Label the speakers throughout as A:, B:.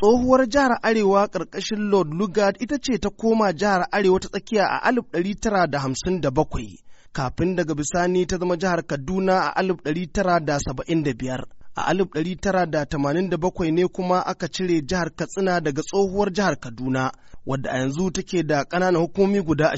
A: tsohuwar jihar arewa ƙarƙashin lord lugard ita ce ta koma jihar arewa ta tsakiya a 1957 kafin daga bisani ta zama jihar kaduna a 1975 a 1987 ne kuma aka cire jihar katsina daga tsohuwar jihar kaduna wadda a yanzu take da ƙananan hukumomi guda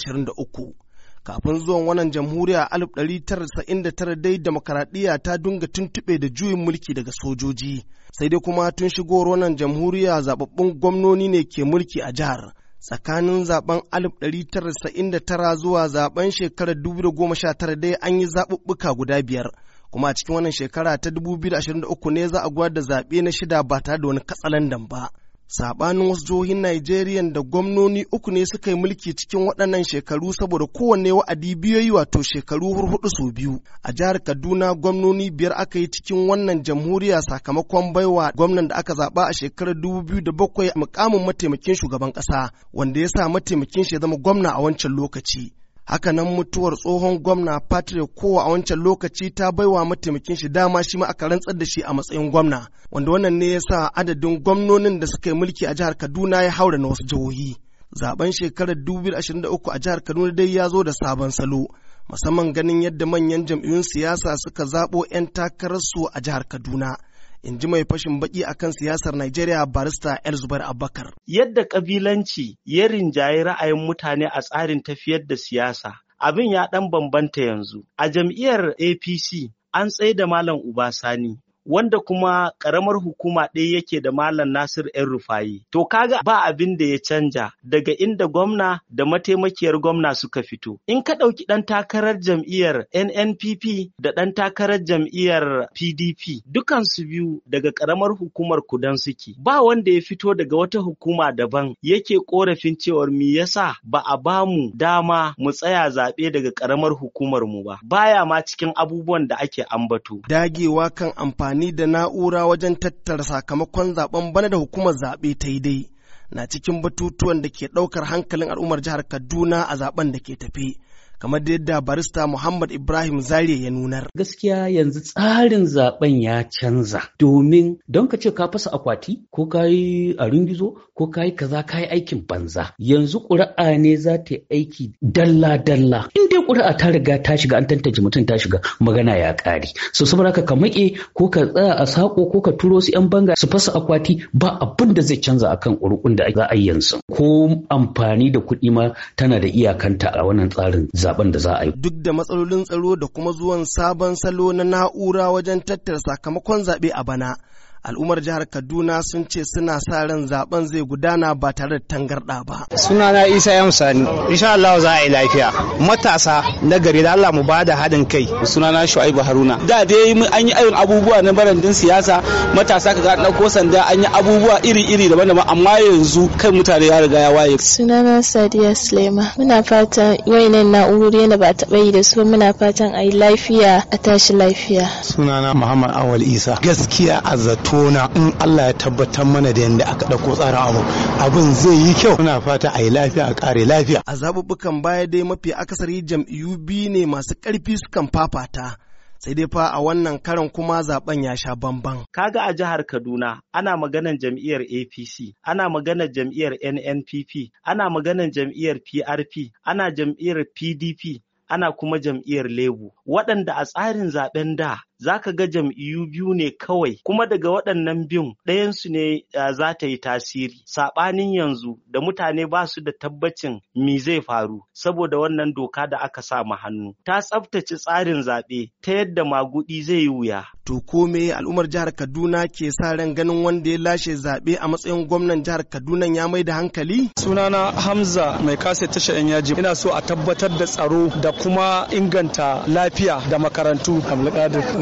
A: kafin zuwan wannan jamhuriya 1999 dai demokaradiyya ta dunga tuntuɓe da juyin mulki daga sojoji sai dai kuma tun shigowar wannan jamhuriya zababbun gwamnoni ne ke mulki a jihar tsakanin zaben 1999 zuwa zaben shekarar 2019 dai an yi zaɓuɓɓuka guda biyar kuma a cikin wannan shekara ta 2023 ne za a gwada zaɓe na shida ba tare da wani katsalandan ba saɓanin wasu jihohin Najeriya da gwamnoni uku ne suka yi mulki cikin waɗannan shekaru saboda kowanne wa'adi biyu biyoyi wato shekaru hurhudu su biyu. A jihar Kaduna gwamnoni biyar aka yi cikin wannan jamhuriya sakamakon baiwa gwamnan da aka zaɓa a shekarar dubu biyu da bakwai mukamin mataimakin shugaban ƙasa wanda ya sa mataimakin shi ya zama gwamna a wancan lokaci. Hakanan mutuwar tsohon gwamna Patrick Kowa a wancan lokaci ta baiwa mataimakin shi dama shi ma aka rantsar da shi a matsayin gwamna, wanda wannan ne ya sa adadin gwamnonin da suka yi mulki a jihar Kaduna ya haura na wasu jihohi. Zaben shekarar 2023 a jihar Kaduna dai ya zo da sabon salo, musamman ganin yadda manyan jam'iyyun siyasa suka zaɓo 'yan takararsu a jihar Kaduna. in ji mai fashin baki kan siyasar Najeriya barista Elzubar Abakar. Abubakar. Yadda ƙabilanci ya rinjaye ra'ayin mutane a tsarin tafiyar
B: da siyasa, abin ya ɗan bambanta yanzu. A jam'iyyar APC an tsaye da Malam Ubasani wanda kuma karamar hukuma ɗaya yake da Malam Nasir ‘yan rufayi. To kaga ba abin da ya canja daga inda gwamna da mataimakiyar gwamna suka fito. In ka ɗauki ɗan takarar jam'iyyar NNPP da ɗan takarar jam'iyyar PDP dukansu biyu daga karamar hukumar kudan suke. Ba wanda ya fito daga wata hukuma daban yake korafin cewar mi yasa ba a ba mu dama mu tsaya zaɓe daga karamar hukumar mu ba. Baya ma cikin abubuwan da ake ambato.
A: Dagewa kan amfani amfani da na'ura wajen tattara sakamakon zaben bana da hukumar zaɓe ta yi dai na cikin batutuwan da ke ɗaukar hankalin al'ummar jihar Kaduna a zaben da ke tafe. kamar da yadda barista Muhammad Ibrahim Zare ya nunar. Gaskiya yanzu
B: tsarin zaben ya canza domin don ka ce ka fasa akwati ko ka yi a ringizo ko ka yi kaza ka yi aikin banza yanzu ƙuri'a ne za ta yi aiki dalla-dalla in dai ƙuri'a ta riga ta shiga an tantance mutum ta shiga magana ya ƙare so saboda ka maƙe ko ka tsaya a saƙo ko ka turo su 'yan banga su fasa akwati ba abin da zai canza akan ƙuri'un da za a yi yanzu ko amfani da kuɗi ma tana da iyakanta a wannan tsarin zaben da za a yi.
A: Duk da matsalolin tsaro da kuma zuwan sabon salo na na'ura wajen tattara sakamakon zaɓe a bana. al'ummar jihar kaduna sun ce suna sa ran zaben zai gudana ba tare da tangarɗa ba sunana isa ya musani insha Allah za a
B: yi lafiya matasa na gari da Allah mu ba da haɗin kai sunana shu'aibu haruna da dai an yi ayon abubuwa na barandin siyasa matasa kaga an ɗauko sanda an yi abubuwa iri-iri daban-daban amma yanzu kai mutane ya riga ya waye
A: sunana sadiya sulema muna fatan wayannan na'urori yana ba taɓa yi da su muna fatan a yi lafiya a tashi lafiya sunana muhammad awal isa gaskiya a zato tona in Allah ya tabbatar mana da yadda aka ɗauko tsarin abu abin zai yi kyau muna fata a yi lafiya a ƙare lafiya. A zaɓuɓɓukan baya dai mafi akasari jam'iyyu biyu ne masu ƙarfi sukan fafata. sai dai fa a wannan karan kuma zaben ya sha bamban.
B: Kaga a jihar Kaduna ana maganan jam'iyyar APC, ana maganar jam'iyyar NNPP, ana maganan jam'iyyar PRP, ana jam'iyyar PDP, ana kuma jam'iyyar Labour. Waɗanda a tsarin zaben da za ka ga jam'iyyu biyu ne kawai kuma daga waɗannan biyun ɗayansu ne za ta yi tasiri saɓanin yanzu da mutane ba su da tabbacin me zai faru saboda wannan doka da aka sa ma hannu ta tsaftace tsarin zaɓe ta yadda magudi zai yi
A: wuya. To kome al'ummar jihar Kaduna ke sa ran ganin wanda ya lashe zaɓe a matsayin gwamnan jihar Kaduna ya mai da hankali?
B: Sunana Hamza mai kase tashar yan yaji. Ina so a tabbatar da tsaro da kuma inganta lafiya da makarantu.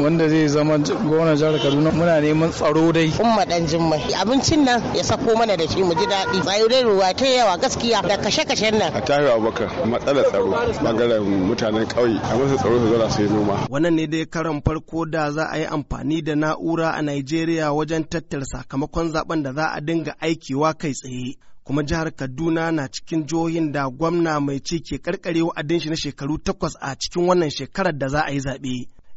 B: wanda zai zama gona jihar kaduna muna neman tsaro dai kun madan jimmai abincin nan ya sako
A: mana da shi mu ji daɗi tsayo dai ruwa ta yawa gaskiya da kashe-kashen nan
B: a tafi abubakar matsalar tsaro bangaren mutanen ƙauye a masu tsaro su zara su yi noma
A: wannan ne dai karan farko da za a yi amfani da na'ura a Najeriya wajen tattara sakamakon zaben da za a dinga aikiwa kai tsaye kuma jihar Kaduna na cikin jihohin da gwamna mai ci ke karkare wa'adin shi na shekaru takwas a cikin wannan shekarar da za a yi zaɓe.